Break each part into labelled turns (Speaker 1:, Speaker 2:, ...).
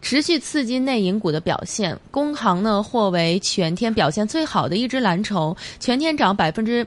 Speaker 1: 持續刺激內銀股的表現，工行呢獲為全天表現最好的一隻藍籌，全天漲百分之。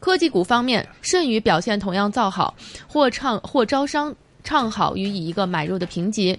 Speaker 1: 科技股方面，舜宇表現同樣造好，或唱或招商唱好，予以一個買入的評級。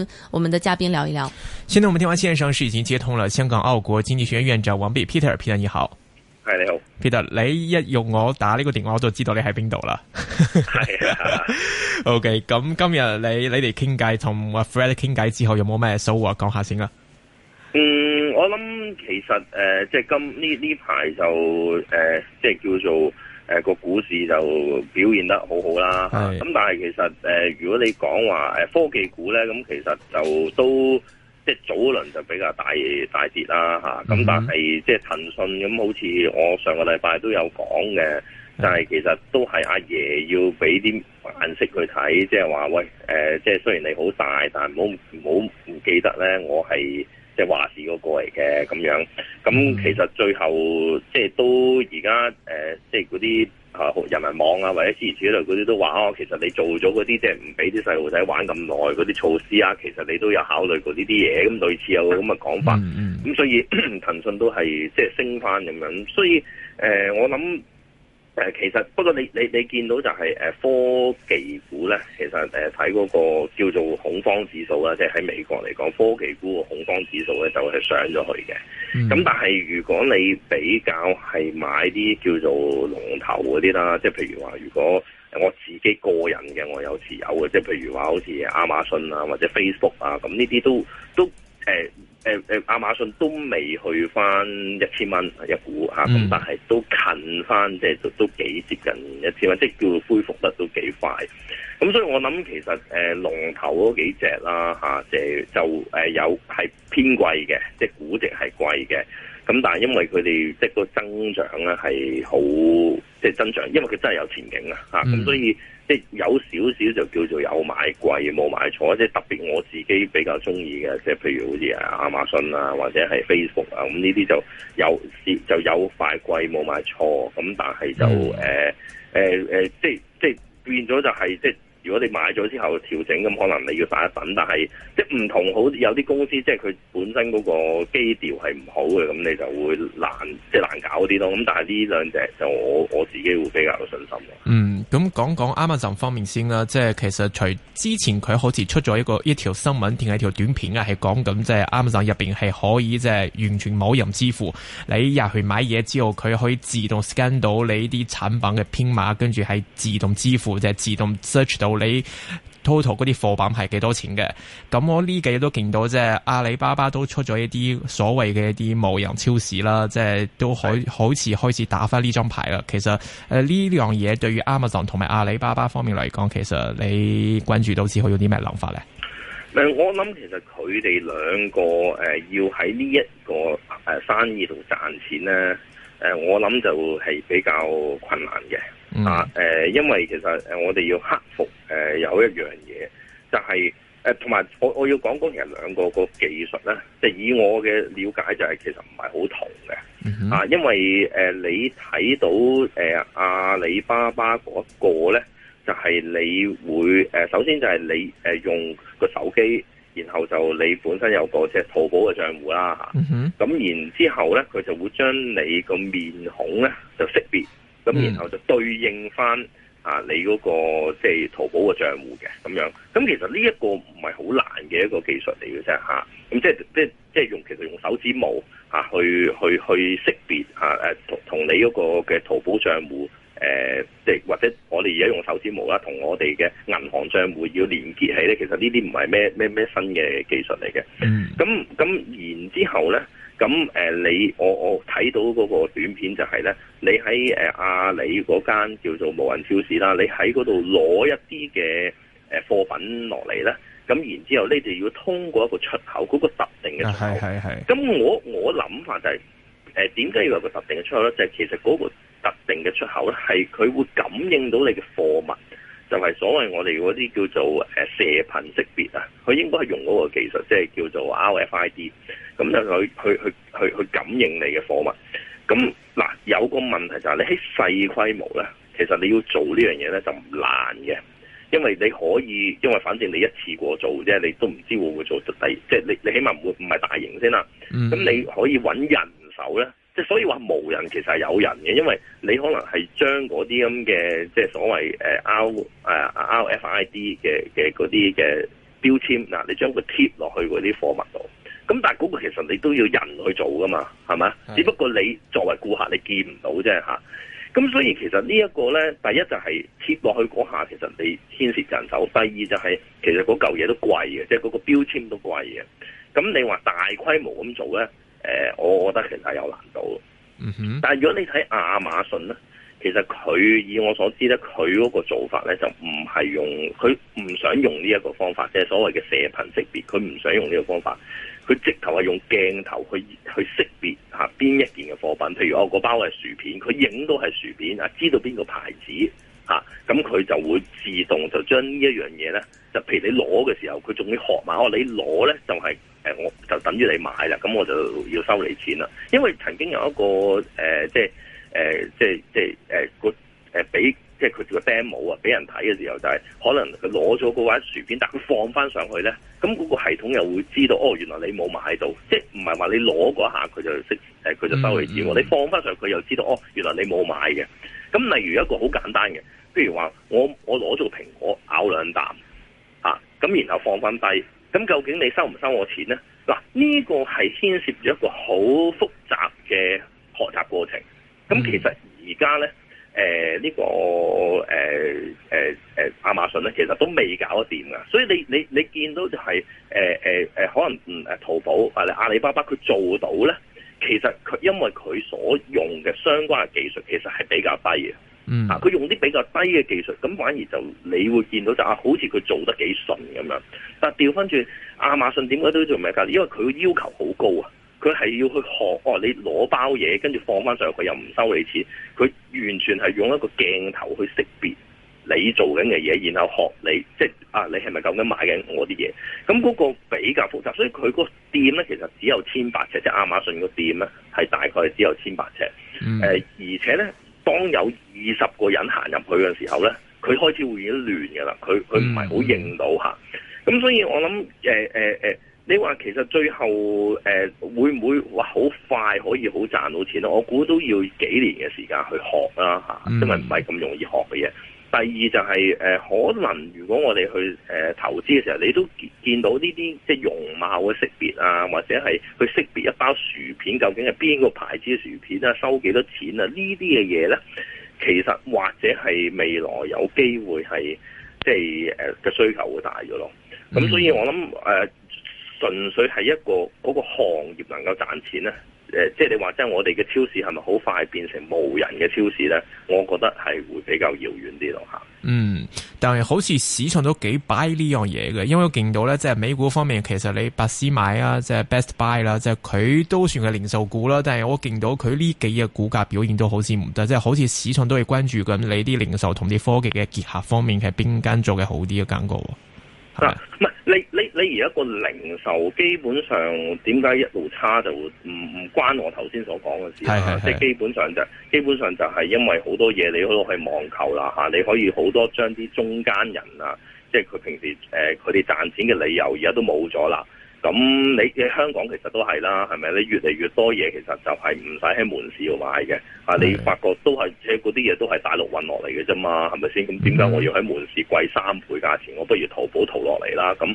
Speaker 1: 我們的嘉賓聊一聊。
Speaker 2: 現在我們電話綫上是已經接通了香港澳國經濟學院院長王弼 Peter，Peter 你好，係你好，Peter，你一用我打呢個電話我就知道你喺邊度啦。OK，咁今日你你哋傾偈同阿 Fred 傾偈之後有冇咩收穫講下先啊？
Speaker 3: 嗯，我諗其實誒、呃，即係今呢呢排就誒、呃，即係叫做。誒、啊、個股市就表現得好好啦，咁是但係其實誒、呃，如果你講話、呃、科技股咧，咁其實就都即係早嗰輪就比較大大跌啦吓咁、啊、但係即係騰訊咁，好似我上個禮拜都有講嘅，的就係其實都係阿爺要俾啲顏色佢睇，就是呃，即係話喂即係雖然你好大，但係唔好唔好唔記得咧，我係。即係話事嗰個嚟嘅咁樣，咁其實最後即係都而家誒，即係嗰啲誒人民網啊，或者諸如此類嗰啲都話哦，其實你做咗嗰啲即係唔俾啲細路仔玩咁耐嗰啲措施啊，其實你都有考慮過呢啲嘢，咁類似有咁嘅講法。咁 所以 騰訊都係即係升翻咁樣，所以誒、呃、我諗。誒，其實不過你你你見到就係誒科技股咧，其實誒睇嗰個叫做恐慌指數啦，即係喺美國嚟講科技股嘅恐慌指數咧就係上咗去嘅。咁、嗯、但係如果你比較係買啲叫做龍頭嗰啲啦，即係譬如話如果我自己個人嘅我有持有嘅，即係譬如話好似亞馬遜啊或者 Facebook 啊，咁呢啲都都。都誒誒誒，亞馬遜都未去翻一千蚊一股嚇、咁、嗯、但係都近翻，即係都幾接近一千蚊，即係叫恢復得都幾快。咁所以我諗其實誒、呃，龍頭嗰幾隻啦嚇，即、啊、就，就、呃、有係偏貴嘅，即、就、係、是、估值係貴嘅。咁但係因為佢哋即係個增長咧係好，即、就、係、是、增長，因為佢真係有前景、嗯、啊咁所以。即係有少少就叫做有買貴冇買錯，即係特別我自己比較中意嘅，即係譬如好似啊亞馬遜啊或者係 Facebook 啊咁呢啲就有就有買貴冇買錯，咁、嗯、但係就誒誒誒，即係即係變咗就係、是、即係如果你買咗之後調整咁，可能你要等一等，但係即係唔同好有啲公司即係佢本身嗰個基調係唔好嘅，咁、嗯、你就會難即係難搞啲咯。咁、嗯、但係呢兩隻就我我自己會比較
Speaker 2: 有信心咯。嗯。Mm. 咁講講 Amazon 方面先啦，即係其實除之前佢好似出咗一個一條新聞定係條短片啊，係講緊即係 Amazon 入邊係可以即係完全冇人支付，你入去買嘢之後，佢可以自動 scan 到你啲產品嘅編碼，跟住係自動支付，即係自動 search 到你。total 嗰啲貨品係幾多錢嘅？咁我呢幾日都見到，即係阿里巴巴都出咗一啲所謂嘅一啲無人超市啦，即係都好好似開始打返呢張牌啦。其實誒呢樣嘢對於 Amazon 同埋阿里巴巴方面嚟講，其實你關注到似好有啲咩諗法咧？
Speaker 3: 誒、呃，我諗其實佢哋兩個誒、呃、要喺呢一個誒生意度賺錢咧，誒、呃、我諗就係比較困難嘅。啊，誒，嗯、因為其實誒，我哋要克服誒有一樣嘢，就係、是、誒，同埋我我要講講、就是、其實兩個個技術咧，即係以我嘅了解就係其實唔係好同嘅，啊，因為誒你睇到誒阿里巴巴嗰個咧，就係、是、你會誒首先就係你誒用個手機，然後就你本身有個即係淘寶嘅賬戶啦，吓，咁然之後咧佢就會將你個面孔咧就識別。咁然後就對應翻啊你嗰個即係淘寶嘅賬戶嘅咁樣，咁其實呢一個唔係好難嘅一個技術嚟嘅啫嚇，咁即係即係即係用其實用手指模啊去去去識別啊誒同同你嗰個嘅淘寶賬戶誒即係或者我哋而家用手指模啦，同我哋嘅銀行賬戶要連結起咧，其實、嗯、呢啲唔係咩咩咩新嘅技術嚟嘅，嗯，咁咁然之後咧。咁誒、呃，你我我睇到嗰個短片就係咧，你喺誒阿里嗰間叫做無人超市啦，你喺嗰度攞一啲嘅、呃、貨品落嚟咧，咁然之後你哋要通過一個出口，嗰、嗰個特定嘅出口。啊、係係係。咁、我我諗法就係點解要有個特定嘅出口咧？就係、係、其實嗰個特定嘅出口咧，係佢會感應到你嘅貨物。就係所謂我哋嗰啲叫做誒射頻識別啊，佢應該係用嗰個技術，即係叫做 RFID，咁樣去去去去去感應你嘅貨物。咁嗱有個問題就係你喺細規模咧，其實你要做呢樣嘢咧就唔難嘅，因為你可以，因為反正你一次過做啫，你都唔知會唔會做出第，即係你你起碼唔會唔係大型先啦。咁你可以揾人手咧。即係所以話無人其實係有人嘅，因為你可能係將嗰啲咁嘅即係所謂誒 R 誒 RFID 嘅嘅嗰啲嘅標籤嗱，你將佢貼落去嗰啲貨物度。咁但係嗰個其實你都要人去做噶嘛，係嘛？是只不過你作為顧客你見唔到啫吓，咁所以其實這個呢一個咧，第一就係貼落去嗰下其實你牽涉人手；第二就係其實嗰嚿嘢都貴嘅，即係嗰個標籤都貴嘅。咁你話大規模咁做咧？誒，我覺得其實係有難度。但係如果你睇亞馬遜咧，其實佢以我所知咧，佢嗰個做法咧就唔係用，佢唔想用呢一個方法，即係所謂嘅射頻識別，佢唔想用呢個方法，佢直頭係用鏡頭去去識別下邊一件嘅貨品。譬如我個包係薯片，佢影到係薯片啊，知道邊個牌子啊，咁佢就會自動就將呢一樣嘢咧，就譬如你攞嘅時候，佢仲要學埋我你攞咧就係、是。誒，我就等於你買啦，咁我就要收你錢啦。因為曾經有一個，誒、呃，即係、呃，即係，即係，誒、呃，俾、呃，即係佢叫個 demo 啊，俾人睇嘅時候，就係、是、可能佢攞咗嗰塊薯片，但佢放翻上去咧，咁嗰個系統又會知道，哦，原來你冇買到，即係唔係話你攞嗰下佢就佢就收你錢喎？嗯嗯、你放翻上去佢又知道，哦，原來你冇買嘅。咁例如一個好簡單嘅，譬如話，我我攞咗個蘋果咬兩啖，啊咁然後放翻低。咁究竟你收唔收我錢咧？嗱，呢個係牽涉咗一個好複雜嘅學習過程。咁其實而家咧，誒、呃這個呃呃呃、呢個誒誒誒亞馬遜咧，其實都未搞得掂㗎。所以你你你見到就係誒誒誒，可能唔誒淘寶或者阿里巴巴佢做到咧，其實佢因為佢所用嘅相關嘅技術其實係比較低嘅。嗯、啊，佢用啲比較低嘅技術，咁反而就你會見到就啊，好似佢做得幾順咁樣。但係掉返轉，亞馬遜點解都做唔係㗎？因為佢要求好高啊，佢係要去學，哦，你攞包嘢，跟住放翻上去，佢又唔收你錢，佢完全係用一個鏡頭去識別你做緊嘅嘢，然後學你，即係啊，你係咪咁樣買緊我啲嘢？咁嗰個比較複雜，所以佢個店咧其實只有千八尺，即係亞馬遜個店咧係大概只有千八尺。誒，而且咧。當有二十個人行入去嘅時候，呢佢開始會已經亂嘅啦。佢佢唔係好認到嚇，咁、嗯嗯啊、所以我諗誒誒你話其實最後誒、呃、會唔會話好快可以好賺到錢咧？我估都要幾年嘅時間去學啦嚇、啊，因為唔係咁容易學嘅嘢。嗯啊第二就係誒，可能如果我哋去誒投資嘅時候，你都見,見到呢啲即係容貌嘅識別啊，或者係去識別一包薯片究竟係邊個牌子嘅薯片啊，收幾多錢啊？這些東西呢啲嘅嘢咧，其實或者係未來有機會係即係誒嘅需求會大咗咯。
Speaker 1: 咁所以我
Speaker 3: 諗誒，純粹係一個嗰個行業能夠賺錢咧。誒，即係你話即係我哋嘅超市係咪好快變成無人嘅超市咧？我覺得係會比較遙遠啲咯，吓。
Speaker 1: 嗯，
Speaker 2: 但係好似市場都幾 buy 呢樣嘢嘅，因為我見到咧，即係美股方面，其實你百思買啊，即係 Best Buy 啦，即係佢都算係零售股啦。但係我見到佢呢幾日股價表現都好似唔得，即係好似市場都係關注緊你啲零售同啲科技嘅結合方面係邊間做嘅好啲嘅感覺。
Speaker 3: 嗱，唔係、啊、你你你而家個零售基本上點解一路差，就唔唔關我頭先所講嘅事啦，即係基本上就係、基本上就係因為好多嘢你可以去網購啦、啊、你可以好多將啲中間人啊，即係佢平時、呃、佢哋賺錢嘅理由而家都冇咗啦。咁你香港其實都係啦，係咪？你越嚟越多嘢其實就係唔使喺門市度買嘅。啊的，你發覺都係即係嗰啲嘢都係大陸運落嚟嘅啫嘛，係咪先？咁點解我要喺門市貴三倍價錢？我不如淘寶淘落嚟啦。咁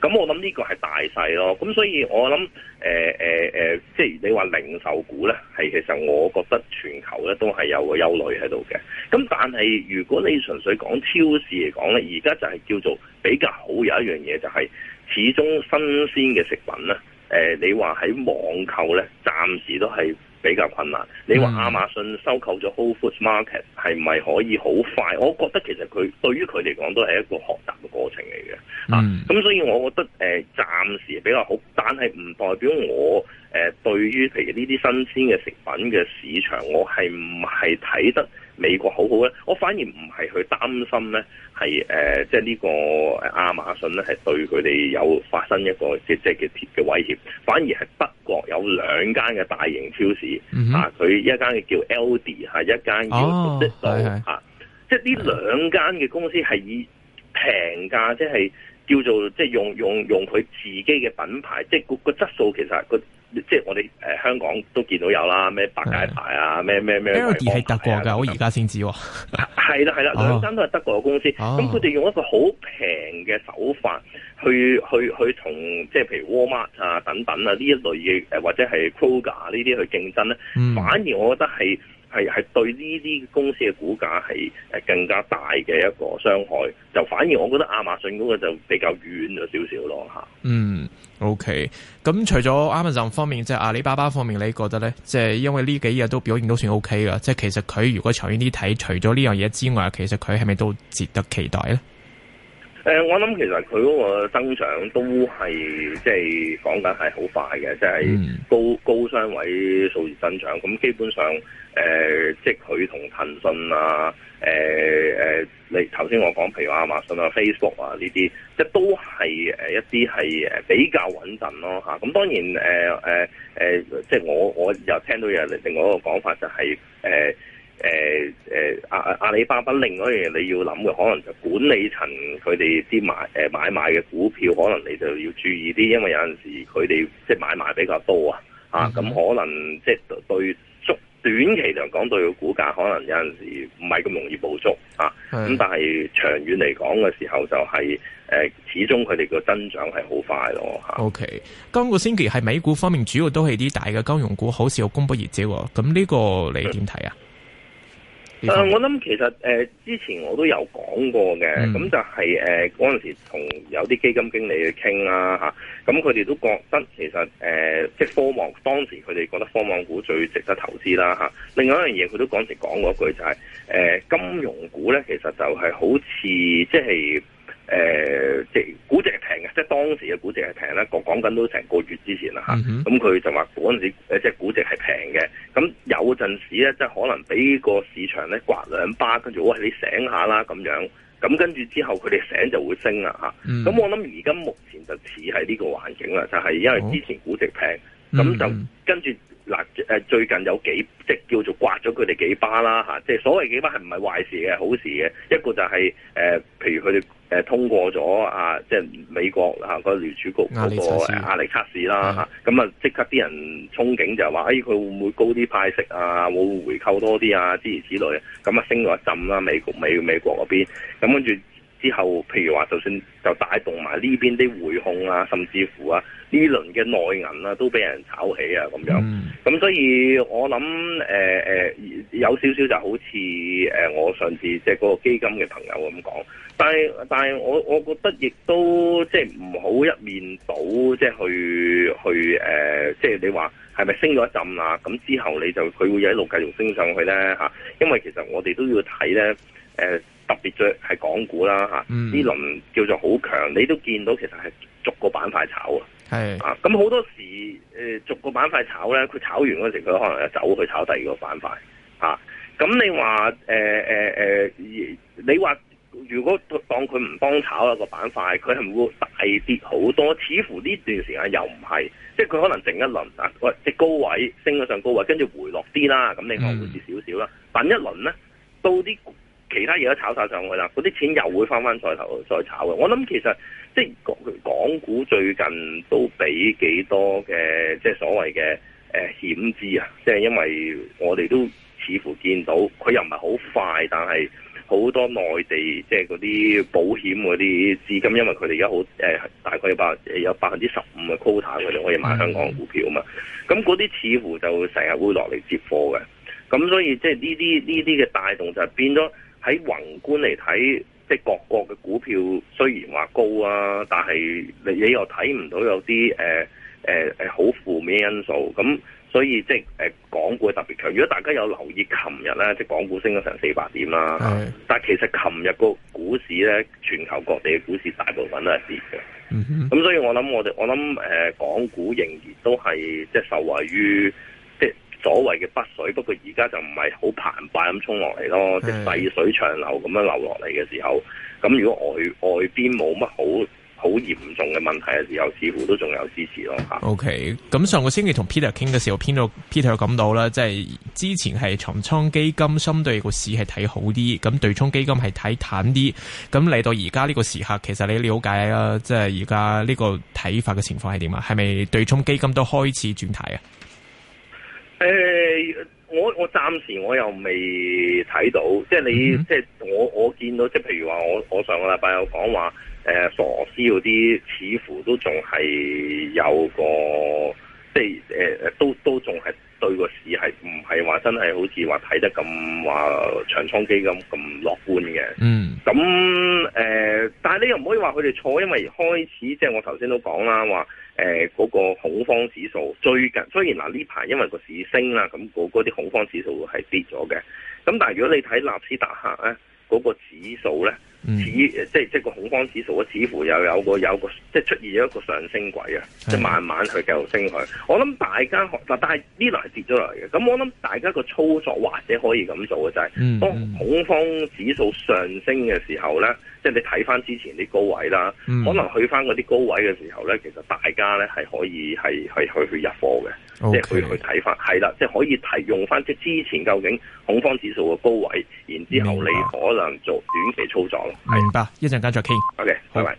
Speaker 3: 咁我諗呢個係大勢咯。咁所以我諗誒誒即係你話零售股咧，係其實我覺得全球咧都係有個憂慮喺度嘅。咁但係如果你純粹講超市嚟講咧，而家就係叫做比較好有一樣嘢就係、是。始終新鮮嘅食品咧，誒、呃、你話喺網購咧，暫時都係比較困難。你話亞馬遜收購咗 Whole Foods Market 係唔係可以好快？我覺得其實佢對於佢嚟講都係一個學習嘅過程嚟嘅。啊，咁所以我覺得誒、呃、暫時比較好，但係唔代表我誒、呃、對於譬如呢啲新鮮嘅食品嘅市場，我係唔係睇得？美國好好咧，我反而唔係去擔心咧，係、呃、誒，即係呢個亞馬遜咧，係對佢哋有發生一個即係嘅嘅威脅。反而係德國有兩間嘅大型超市，mm hmm. 啊，佢一間叫 L D，係一間叫 S H，啊，即係呢兩間嘅公司係以平價，即係叫做即係用用用佢自己嘅品牌，即係個個質素其實個。即係我哋香港都見到有啦，咩百佳牌啊，咩咩咩，L 係德
Speaker 2: 國㗎，我而家先知喎。
Speaker 3: 係 啦，係啦，兩間都係德國嘅公司，咁佢哋用一個好平嘅手法去去去同即係譬如 Walmart 啊、等等啊呢一類嘅或者係 Kroger 呢、啊、啲去競爭咧，嗯、反而我覺得係係對呢啲公司嘅股價係更加大嘅一個傷害。就反而我覺得亞馬遜嗰個就比較遠咗少少
Speaker 2: 咯嗯。O K，咁除咗 Amazon 方面，即係阿里巴巴方面，你覺得呢？即係因為呢幾日都表現都算 O K 噶，即係其實佢如果長遠啲睇，除咗呢樣嘢之外，其實佢係咪都值得期待
Speaker 3: 呢？誒、呃，我諗其實佢嗰個增長都係即係講緊係好快嘅，即係高、嗯、高雙位數字增長，咁基本上。誒、呃，即佢同騰訊啊，誒、呃、誒、呃，你頭先我講，譬如話亞馬遜啊、Facebook 啊呢啲，即都係一啲係比較穩陣咯咁、啊、當然誒誒、呃呃、即我我又聽到有另另外一個講法、就是，就係誒誒阿阿里巴巴另外一樣你要諗嘅，可能就管理層佢哋啲買買賣嘅股票，可能你就要注意啲，因為有陣時佢哋即買賣比較多啊，咁、嗯、哼可能即對。短期嚟講，對個股價可能有陣時唔係咁容易捕捉。啊是，咁但係長遠嚟講嘅時候就係、是、誒，始終佢哋個增長
Speaker 2: 係好快咯嚇。O、okay. K，今個星期係美股方面主要都係啲大嘅金融股好似有公布業績，咁呢個你點睇啊？嗯
Speaker 3: 我諗其實誒、呃、之前我都有講過嘅，咁、嗯、就係誒嗰陣時同有啲基金經理去傾啦嚇，咁佢哋都覺得其實誒、呃，即係科網當時佢哋覺得科網股最值得投資啦，啊，另外一樣嘢佢都講時講過一句就係、是、誒、呃，金融股咧其實就係好似即係。就是誒、呃，即係估值係平嘅，即係當時嘅估值係平啦。講講緊都成個月之前啦嚇，咁佢就話嗰陣時誒，即係估值係平嘅。咁有陣時咧，即係可能俾個市場咧刮兩巴，跟住喂，你醒下啦咁樣。咁跟住之後，佢哋醒就會升啦嚇。咁、mm hmm. 我諗而家目前就似係呢個環境啦，就係、是、因為之前估值平，咁、oh. 嗯、就、mm hmm. 跟住。嗱，最近有幾即叫做刮咗佢哋幾巴啦，嚇，即係所謂幾巴係唔係壞事嘅好事嘅，一個就係、是呃、譬如佢哋通過咗啊，即係美國啊個聯儲局嗰、嗰個壓力，壓力測試啦嚇，咁是的 啊即刻啲人憧憬就係話，哎佢會唔會高啲派息啊，會唔會回購多啲啊之類之類，咁啊升咗一陣啦，美國美美國嗰邊，咁跟住。之後，譬如話，就算就帶動埋呢邊啲匯控啊，甚至乎啊，呢輪嘅內銀啊，都俾人炒起啊，咁樣。咁、嗯、所以我，我諗誒有少少就好似誒、呃、我上次即係嗰個基金嘅朋友咁講。但係但係，我我覺得亦都即係唔好一面倒，即、就、係、是、去去誒，即、呃、係、就是、你話係咪升咗一陣啦？咁之後你就佢會一路繼續升上去咧、啊、因為其實我哋都要睇咧誒。呃特別在係港股啦嚇，呢、嗯、輪叫做好強，你都見到其實係逐個板塊炒是啊。係啊，咁好多時誒、呃、逐個板塊炒咧，佢炒完嗰時佢可能就走去炒第二個板塊啊。咁你話誒誒誒，你話如果當佢唔幫炒嗰個板塊，佢係冇大跌好多。似乎呢段時間又唔係，即係佢可能整一輪啊，喂，即高位升咗上高位，跟住回落啲啦，咁你可能會跌少少啦。嗯、但一輪咧，到啲。其他嘢都炒晒上去啦，嗰啲錢又會翻翻再投再炒嘅。我諗其實即係港股最近都俾幾多嘅即係所謂嘅誒、呃、險資啊，即係因為我哋都似乎見到佢又唔係好快，但係好多內地即係嗰啲保險嗰啲資金，因為佢哋而家好誒大概有百，有百分之十五嘅 quota 佢哋可以買香港的股票啊嘛。咁嗰啲似乎就成日會落嚟接貨嘅。咁所以即係呢啲呢啲嘅帶動就變咗。喺宏觀嚟睇，即係各國嘅股票雖然話高啊，但係你又睇唔到有啲誒誒誒好負面的因素，咁所以即係誒、呃、港股特別強。如果大家有留意，琴日咧即係港股升咗成四百點啦，是但係其實琴日個股市咧，全球各地嘅股市大部分都係跌嘅。咁、嗯、哼所以我諗，我哋我諗誒港股仍然都係即係受惠於。所謂嘅北水，不過而家就唔係好澎湃咁沖落嚟咯，是的 即係細水長流咁樣流落嚟嘅時候，咁如果外外邊冇乜好好嚴重嘅問題嘅時候，似乎都仲有支持咯吓。
Speaker 2: OK，咁上個星期同 Peter 傾嘅時候，偏 到 Peter 感到啦，即係之前係重倉基金相對個市係睇好啲，咁對沖基金係睇淡啲。咁嚟到而家呢個時刻，其實你了解啦，即係而家呢個睇法嘅情況係點啊？係咪對沖基金都開始轉軚啊？
Speaker 3: 誒、呃，我我暫時我又未睇到，即係你，嗯嗯即係我我見到，即係譬如話，我我上個禮拜又講話，誒、呃、傻師嗰啲似乎都仲係有個，即係、呃、都都仲係對個市係唔係話真係好似話睇得咁話長倉基金咁樂觀嘅，嗯，咁、呃、但係你又唔可以話佢哋錯，因為開始即係我頭先都講啦，話。誒嗰、欸那個恐慌指數最近雖然嗱呢排因為個市升啦，咁嗰啲恐慌指數係跌咗嘅。咁但係如果你睇納斯達克咧，嗰、那個指數咧指、嗯、即係即係個恐慌指數咧，似乎又有個有個即係出現咗一個上升軌啊，即係慢慢去繼續升去。嗯、我諗大家但係呢輪係跌咗落嚟嘅。咁我諗大家個操作或者可以咁做嘅就係、是，當恐慌指數上升嘅時候咧。即係你睇翻之前啲高位啦，嗯、可能去翻嗰啲高位嘅時候咧，其實大家咧係可以係係去去，去入貨嘅 Okay,，即係去去睇翻，係啦，即係可以提用翻即係之前究竟恐慌指數嘅高位，然之後你可能
Speaker 1: 做短期操作咯。
Speaker 2: 明白，一陣間再傾，OK，拜拜。